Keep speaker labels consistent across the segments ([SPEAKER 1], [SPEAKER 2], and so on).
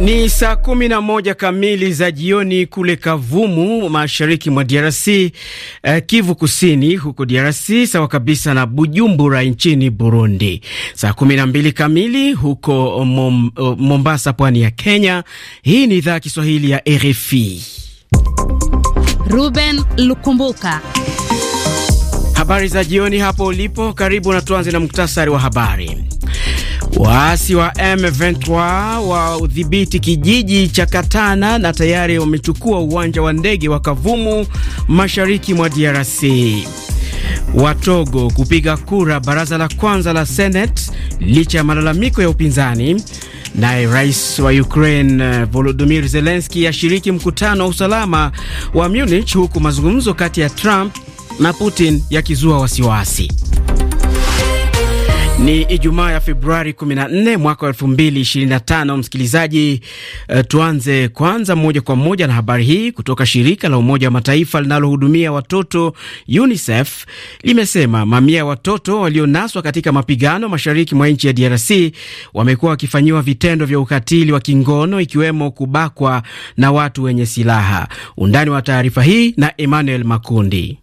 [SPEAKER 1] Ni saa kumi na moja kamili za jioni kule Kavumu, mashariki mwa DRC, eh, Kivu Kusini huko DRC, sawa kabisa na Bujumbura nchini Burundi. Saa kumi na mbili kamili huko mom, Mombasa, pwani ya Kenya. Hii ni idhaa Kiswahili ya RFI.
[SPEAKER 2] Ruben Lukumbuka,
[SPEAKER 1] habari za jioni hapo ulipo. Karibu na tuanze na muktasari wa habari. Waasi wa M23 wa udhibiti kijiji cha Katana na tayari wamechukua uwanja wa ndege wa Kavumu mashariki mwa DRC. Watogo kupiga kura baraza la kwanza la Senate licha ya malalamiko ya upinzani. Naye rais wa Ukraine eh, Volodymyr Zelensky ashiriki mkutano wa usalama wa Munich, huku mazungumzo kati ya Trump na Putin yakizua wasiwasi. Ni Ijumaa ya Februari 14 mwaka wa 2025. Msikilizaji, uh, tuanze kwanza moja kwa moja na habari hii kutoka shirika la Umoja wa Mataifa linalohudumia watoto UNICEF limesema mamia ya watoto walionaswa katika mapigano mashariki mwa nchi ya DRC wamekuwa wakifanyiwa vitendo vya ukatili wa kingono ikiwemo kubakwa na watu wenye silaha. Undani wa taarifa hii na Emmanuel Makundi.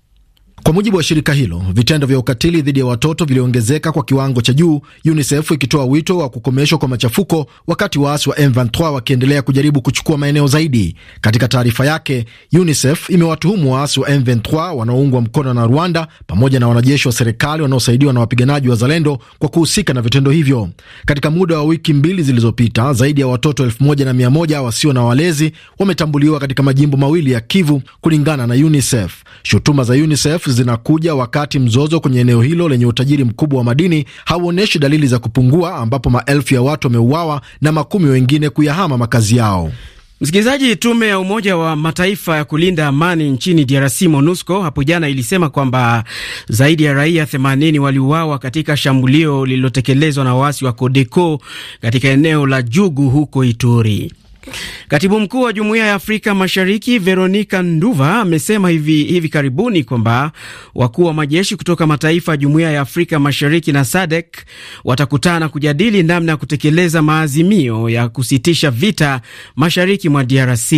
[SPEAKER 3] Kwa mujibu wa shirika hilo, vitendo vya ukatili dhidi ya watoto viliongezeka kwa kiwango cha juu, UNICEF ikitoa wito wa kukomeshwa kwa machafuko, wakati waasi wa M23 wakiendelea kujaribu kuchukua maeneo zaidi. Katika taarifa yake, UNICEF imewatuhumu waasi wa M23 wanaoungwa mkono na Rwanda pamoja na wanajeshi wa serikali wanaosaidiwa na wapiganaji wa Zalendo kwa kuhusika na vitendo hivyo. Katika muda wa wiki mbili zilizopita, zaidi ya watoto 1100 wasio na walezi wametambuliwa katika majimbo mawili ya Kivu, kulingana na UNICEF. Shutuma za UNICEF zinakuja wakati mzozo kwenye eneo hilo lenye utajiri mkubwa wa madini hauonyeshi dalili za kupungua, ambapo maelfu ya watu wameuawa na makumi wengine kuyahama makazi yao.
[SPEAKER 1] Msikilizaji, tume ya Umoja wa Mataifa ya kulinda amani nchini DRC, MONUSCO, hapo jana ilisema kwamba zaidi ya raia 80 waliuawa katika shambulio lililotekelezwa na waasi wa codeco katika eneo la Jugu huko Ituri. Katibu mkuu wa Jumuiya ya Afrika Mashariki Veronica Nduva amesema hivi, hivi karibuni kwamba wakuu wa majeshi kutoka mataifa ya Jumuiya ya Afrika Mashariki na SADC watakutana kujadili namna ya kutekeleza maazimio ya kusitisha vita mashariki mwa DRC.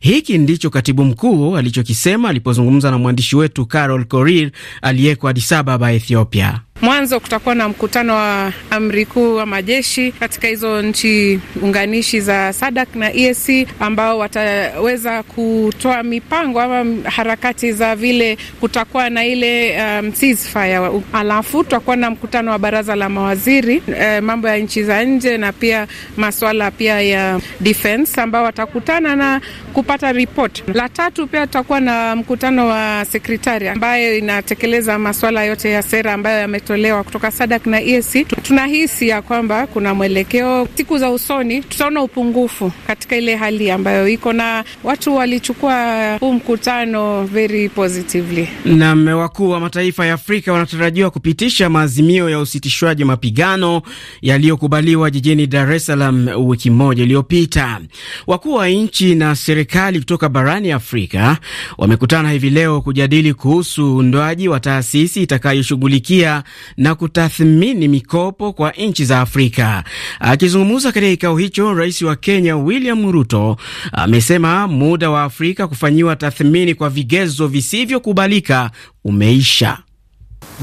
[SPEAKER 1] Hiki ndicho katibu mkuu alichokisema alipozungumza na mwandishi wetu Carol Korir aliyeko Adisababa, Ethiopia
[SPEAKER 2] mwanzo kutakuwa na mkutano wa amri kuu wa majeshi katika hizo nchi unganishi za SADC na EAC ambao wataweza kutoa mipango ama harakati za vile
[SPEAKER 1] kutakuwa na ile um, ceasefire. Alafu tutakuwa na mkutano wa baraza la mawaziri e, mambo ya nchi za nje na pia maswala pia ya defense ambao watakutana na kupata ripoti. La tatu pia tutakuwa na mkutano wa sekretari
[SPEAKER 2] ambayo inatekeleza maswala yote ya sera ambayo yametolewa yanayotolewa kutoka SADC na EAC, tunahisi ya kwamba kuna mwelekeo, siku za usoni tutaona upungufu katika ile hali ambayo iko, na watu walichukua huu mkutano very positively.
[SPEAKER 1] Na wakuu wa mataifa ya Afrika wanatarajiwa kupitisha maazimio ya usitishwaji wa mapigano yaliyokubaliwa jijini Dar es Salaam wiki moja iliyopita. Wakuu wa nchi na serikali kutoka barani Afrika wamekutana hivi leo kujadili kuhusu uundwaji wa taasisi itakayoshughulikia na kutathmini mikopo kwa nchi za Afrika. Akizungumza katika kikao hicho, rais wa Kenya William Ruto amesema muda wa Afrika kufanyiwa tathmini kwa vigezo visivyokubalika umeisha.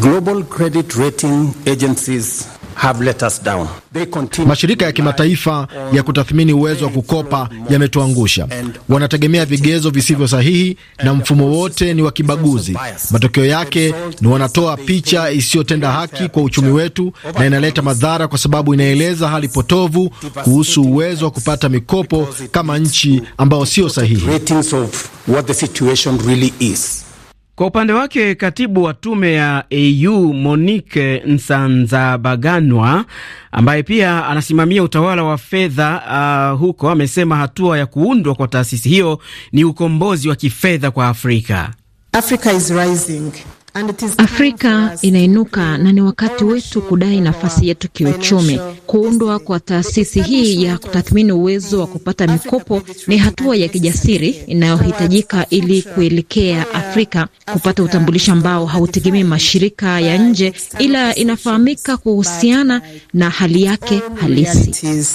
[SPEAKER 3] Global credit rating agencies
[SPEAKER 4] have let us down.
[SPEAKER 3] They continue. Mashirika ya kimataifa ya kutathmini uwezo wa kukopa yametuangusha. Wanategemea vigezo visivyo sahihi na mfumo wote ni wa kibaguzi. Matokeo yake ni wanatoa picha isiyotenda haki kwa uchumi wetu na inaleta madhara kwa sababu inaeleza hali potovu kuhusu uwezo wa kupata mikopo kama nchi ambayo sio sahihi.
[SPEAKER 1] Kwa upande wake katibu wa tume ya AU Monique Nsanzabaganwa, ambaye pia anasimamia utawala wa fedha uh, huko amesema hatua ya kuundwa kwa taasisi hiyo ni ukombozi wa kifedha kwa Afrika.
[SPEAKER 2] Africa is rising. Afrika inainuka na ni wakati wetu kudai nafasi yetu kiuchumi. Kuundwa kwa taasisi hii ya kutathmini uwezo wa kupata mikopo ni hatua ya kijasiri inayohitajika ili kuelekea uh, Afrika kupata utambulisho ambao hautegemei mashirika ya nje, ila inafahamika kuhusiana na hali yake halisi.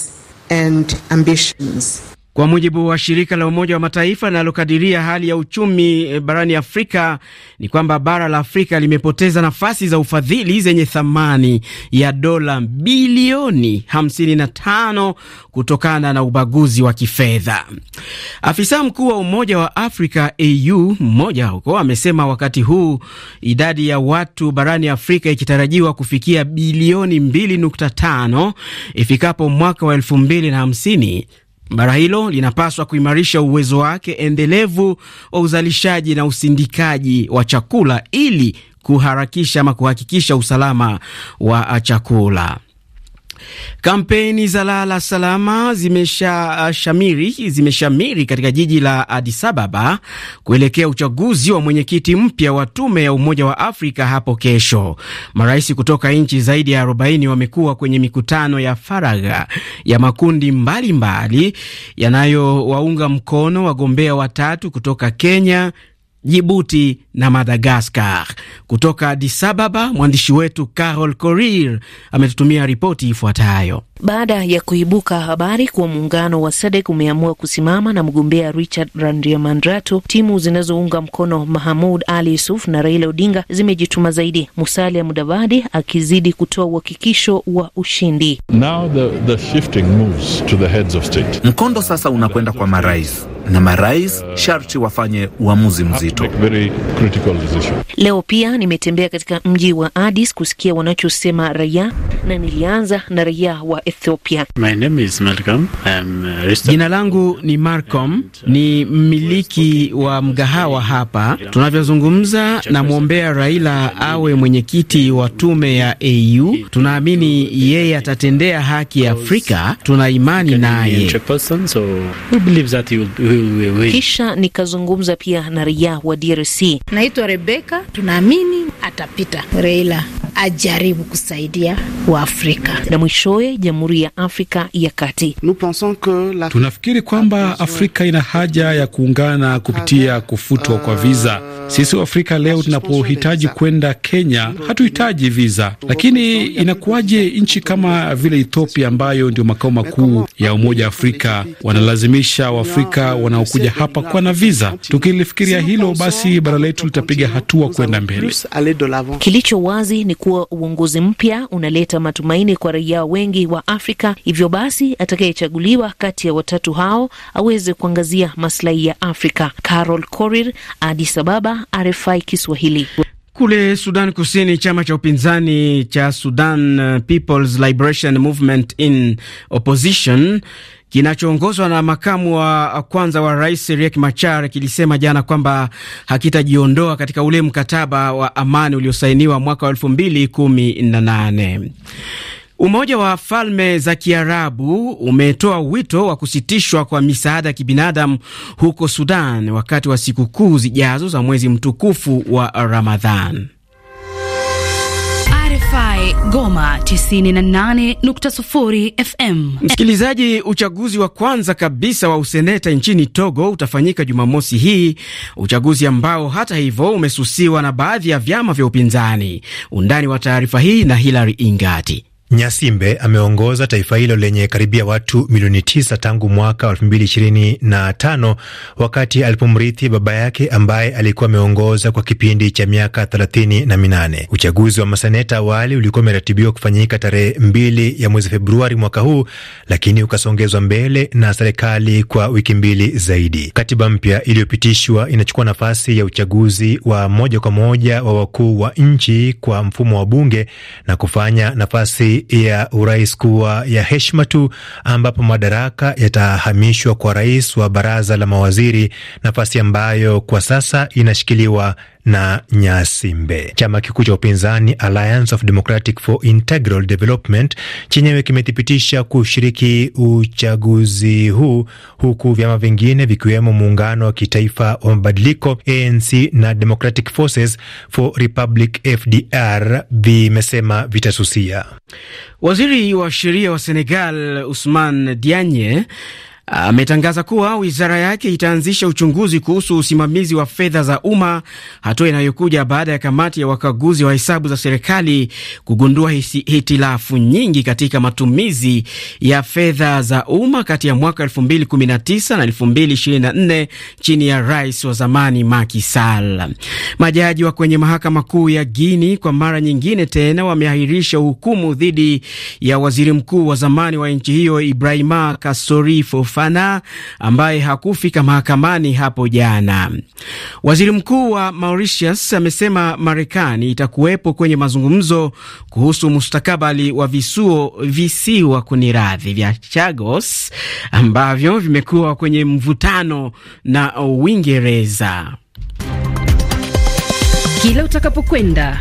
[SPEAKER 1] Kwa mujibu wa shirika la Umoja wa Mataifa linalokadiria hali ya uchumi eh, barani Afrika ni kwamba bara la Afrika limepoteza nafasi za ufadhili zenye thamani ya dola bilioni 55 kutokana na ubaguzi wa kifedha. Afisa mkuu wa Umoja wa Afrika AU mmoja huko amesema wakati huu idadi ya watu barani Afrika ikitarajiwa kufikia bilioni 2.5 ifikapo mwaka wa 2050 Bara hilo linapaswa kuimarisha uwezo wake endelevu wa uzalishaji na usindikaji wa chakula ili kuharakisha ama kuhakikisha usalama wa chakula. Kampeni za lala salama zimeshamiri uh, zimeshamiri katika jiji la Addis Ababa kuelekea uchaguzi wa mwenyekiti mpya wa tume ya Umoja wa Afrika hapo kesho. Marais kutoka nchi zaidi ya 40 wamekuwa kwenye mikutano ya faragha ya makundi mbalimbali yanayowaunga mkono wagombea watatu kutoka Kenya, Jibuti na Madagaskar. Kutoka Addis Ababa, mwandishi wetu Carol Korir ametutumia ripoti ifuatayo.
[SPEAKER 2] Baada ya kuibuka habari kuwa muungano wa SADC umeamua kusimama na mgombea Richard Randriamandrato, timu zinazounga mkono Mahamud Ali Yusuf na Raila Odinga zimejituma zaidi, Musalia Mudavadi akizidi kutoa uhakikisho wa
[SPEAKER 3] ushindi. Now the, the shifting moves to the heads of state. Mkondo sasa unakwenda kwa marais na marais sharti wafanye uamuzi mzito.
[SPEAKER 2] Leo pia nimetembea katika mji wa Addis kusikia wanachosema raia, na nilianza na raia wa Ethiopia.
[SPEAKER 1] Uh, Jina langu ni Malcolm, uh, ni mmiliki wa mgahawa hapa. Tunavyozungumza, namwombea Raila awe mwenyekiti wa tume ya AU. Tunaamini yeye atatendea haki ya Afrika, tuna imani naye.
[SPEAKER 3] Kisha
[SPEAKER 2] nikazungumza pia na raia wa DRC. Naitwa Rebeka, tunaamini atapita Raila ajaribu kusaidia Waafrika. Na mwishowe Jamhuri ya Afrika ya Kati,
[SPEAKER 3] tunafikiri kwamba Afrika ina haja ya kuungana kupitia kufutwa kwa viza sisi Waafrika leo tunapohitaji kwenda Kenya hatuhitaji viza, lakini inakuwaje nchi
[SPEAKER 1] kama vile Ethiopia ambayo ndio makao makuu
[SPEAKER 3] ya Umoja wa Afrika wanalazimisha
[SPEAKER 1] Waafrika wanaokuja hapa kuwa na viza? Tukilifikiria hilo, basi bara letu litapiga hatua
[SPEAKER 4] kwenda mbele.
[SPEAKER 2] Kilicho wazi ni kuwa uongozi mpya unaleta matumaini kwa raia wengi wa Afrika. Hivyo basi, atakayechaguliwa kati ya watatu hao aweze kuangazia maslahi ya Afrika. Carol Korir, Addis Ababa. RFI Kiswahili.
[SPEAKER 1] Kule Sudan Kusini, chama cha upinzani cha Sudan uh, People's Liberation Movement in Opposition kinachoongozwa na makamu wa kwanza wa rais Riek Machar kilisema jana kwamba hakitajiondoa katika ule mkataba wa amani uliosainiwa mwaka wa elfu mbili kumi na nane. Umoja wa Falme za Kiarabu umetoa wito wa kusitishwa kwa misaada ya kibinadamu huko Sudan wakati wa sikukuu zijazo za mwezi mtukufu wa Ramadhan.
[SPEAKER 2] Goma 98.0 FM.
[SPEAKER 1] Msikilizaji, uchaguzi wa kwanza kabisa wa useneta nchini Togo utafanyika Jumamosi hii, uchaguzi ambao hata hivyo umesusiwa na baadhi ya vyama vya upinzani. Undani wa taarifa hii na Hilary Ingati.
[SPEAKER 4] Nyasimbe ameongoza taifa hilo lenye karibia watu milioni tisa tangu mwaka 2025 wakati alipomrithi baba yake ambaye alikuwa ameongoza kwa kipindi cha miaka thelathini na minane. Uchaguzi wa maseneta awali ulikuwa umeratibiwa kufanyika tarehe mbili ya mwezi Februari mwaka huu, lakini ukasongezwa mbele na serikali kwa wiki mbili zaidi. Katiba mpya iliyopitishwa inachukua nafasi ya uchaguzi wa moja kwa moja wa wakuu wa nchi kwa mfumo wa bunge na kufanya nafasi ya urais kuwa ya heshima tu, ambapo madaraka yatahamishwa kwa rais wa baraza la mawaziri, nafasi ambayo kwa sasa inashikiliwa na Nyasimbe. Chama kikuu cha upinzani Alliance of Democratic for Integral Development chenyewe kimethibitisha kushiriki uchaguzi huu huku vyama vingine vikiwemo muungano wa kitaifa wa mabadiliko ANC na Democratic Forces for Republic FDR vimesema vitasusia.
[SPEAKER 1] Waziri wa sheria wa Senegal Usman Diagne ametangaza kuwa wizara yake itaanzisha uchunguzi kuhusu usimamizi wa fedha za umma, hatua inayokuja baada ya kamati ya wakaguzi wa hesabu za serikali kugundua hitilafu nyingi katika matumizi ya fedha za umma kati ya mwaka 2019 na 2024 chini ya rais wa zamani Macky Sall. Majaji wa kwenye mahakama kuu ya guini kwa mara nyingine tena wameahirisha hukumu dhidi ya waziri mkuu wa zamani wa nchi hiyo Ibrahima Kassory Fana ambaye hakufika mahakamani hapo jana. Waziri Mkuu wa Mauritius amesema Marekani itakuwepo kwenye mazungumzo kuhusu mustakabali wa visuo visiwa kuniradhi vya Chagos ambavyo vimekuwa kwenye mvutano na Uingereza.
[SPEAKER 2] Kila utakapokwenda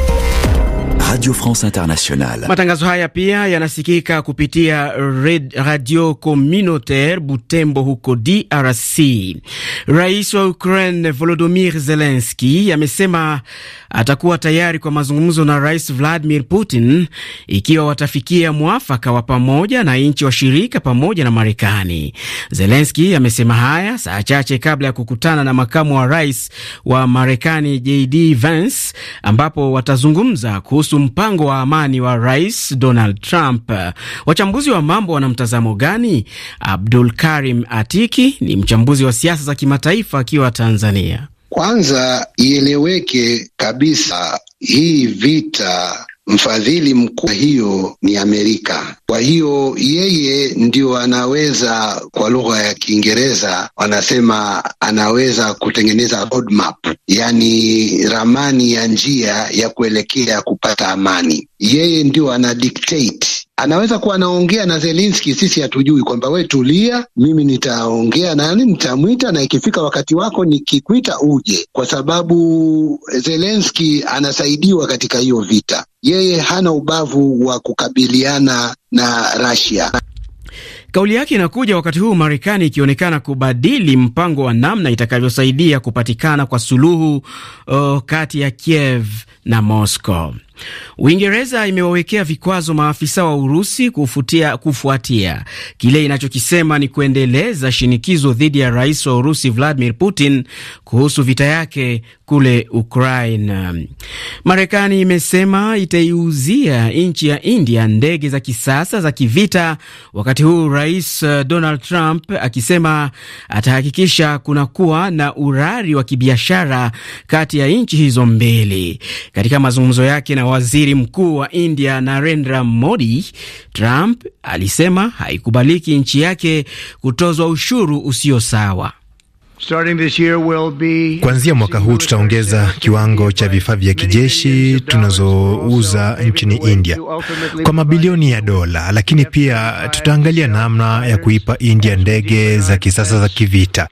[SPEAKER 3] Radio France Internationale.
[SPEAKER 1] Matangazo haya pia yanasikika kupitia Red Radio Communautaire Butembo huko DRC. Rais wa Ukraine Volodymyr Zelensky amesema atakuwa tayari kwa mazungumzo na Rais Vladimir Putin ikiwa watafikia mwafaka wa pamoja na nchi washirika pamoja na Marekani. Zelensky amesema haya saa chache kabla ya kukutana na makamu wa Rais wa Marekani JD Vance ambapo watazungumza kuhusu mpango wa amani wa Rais Donald Trump. Wachambuzi wa mambo wana mtazamo gani? Abdul Karim Atiki ni mchambuzi wa siasa za kimataifa akiwa Tanzania.
[SPEAKER 4] Kwanza ieleweke kabisa hii vita mfadhili mkuu hiyo ni Amerika. Kwa hiyo yeye ndio anaweza, kwa lugha ya Kiingereza wanasema anaweza kutengeneza roadmap, yani ramani ya njia ya kuelekea kupata amani. Yeye ndio ana dictate anaweza kuwa anaongea na Zelenski, sisi hatujui kwamba we tulia, mimi nitaongea nani, nitamwita na ikifika wakati wako nikikwita uje, kwa sababu Zelenski anasaidiwa katika hiyo vita. Yeye hana ubavu wa kukabiliana na Russia.
[SPEAKER 1] Kauli yake inakuja wakati huu Marekani ikionekana kubadili mpango wa namna itakavyosaidia kupatikana kwa suluhu oh, kati ya Kiev na Moscow. Uingereza imewawekea vikwazo maafisa wa Urusi kufutia, kufuatia kile inachokisema ni kuendeleza shinikizo dhidi ya rais wa Urusi Vladimir Putin kuhusu vita yake kule Ukraine. Marekani imesema itaiuzia nchi ya India ndege za kisasa za kivita, wakati huu rais uh, Donald Trump akisema atahakikisha kuna kuwa na urari wa kibiashara kati ya nchi hizo mbili. Katika mazungumzo yake na waziri mkuu wa India Narendra Modi, Trump alisema haikubaliki nchi yake kutozwa ushuru usio sawa.
[SPEAKER 4] Kuanzia mwaka huu tutaongeza kiwango cha vifaa vya kijeshi tunazouza nchini India kwa mabilioni ya dola, lakini pia tutaangalia namna ya kuipa India ndege za kisasa za kivita.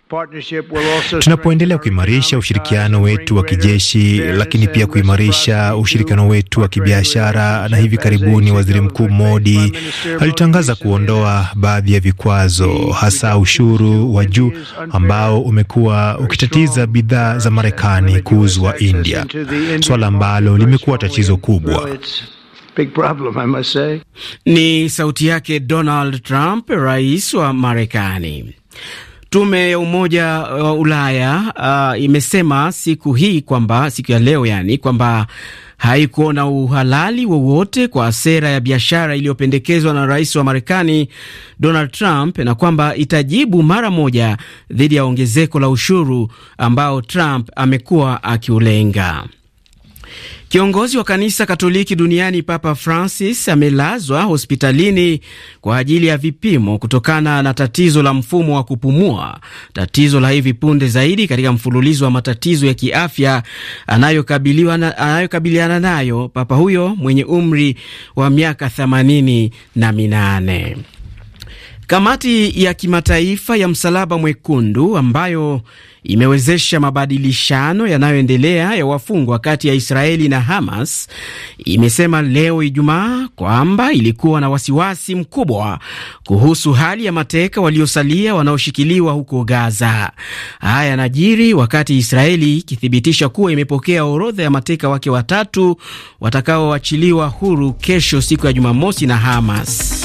[SPEAKER 4] Tunapoendelea kuimarisha ushirikiano wetu wa kijeshi, lakini pia kuimarisha ushirikiano wetu wa kibiashara, na hivi karibuni Waziri Mkuu Modi alitangaza kuondoa baadhi ya vikwazo, hasa ushuru wa juu ambao ume umekuwa ukitatiza bidhaa za Marekani kuuzwa India, swala ambalo limekuwa tatizo kubwa.
[SPEAKER 1] Big problem, I must say. Ni sauti yake Donald Trump, rais wa Marekani. Tume ya Umoja wa Ulaya uh, imesema siku hii kwamba siku ya leo yani kwamba haikuona uhalali wowote kwa sera ya biashara iliyopendekezwa na rais wa Marekani Donald Trump na kwamba itajibu mara moja dhidi ya ongezeko la ushuru ambao Trump amekuwa akiulenga. Kiongozi wa kanisa Katoliki duniani Papa Francis amelazwa hospitalini kwa ajili ya vipimo kutokana na tatizo la mfumo wa kupumua, tatizo la hivi punde zaidi katika mfululizo wa matatizo ya kiafya anayokabiliana anayokabiliana nayo papa huyo mwenye umri wa miaka themanini na minane. Kamati ya kimataifa ya Msalaba Mwekundu ambayo imewezesha mabadilishano yanayoendelea ya wafungwa kati ya Israeli na Hamas imesema leo Ijumaa kwamba ilikuwa na wasiwasi mkubwa kuhusu hali ya mateka waliosalia wanaoshikiliwa huko Gaza. Haya yanajiri wakati Israeli ikithibitisha kuwa imepokea orodha ya mateka wake watatu watakaoachiliwa huru kesho siku ya Jumamosi na Hamas.